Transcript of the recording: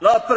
La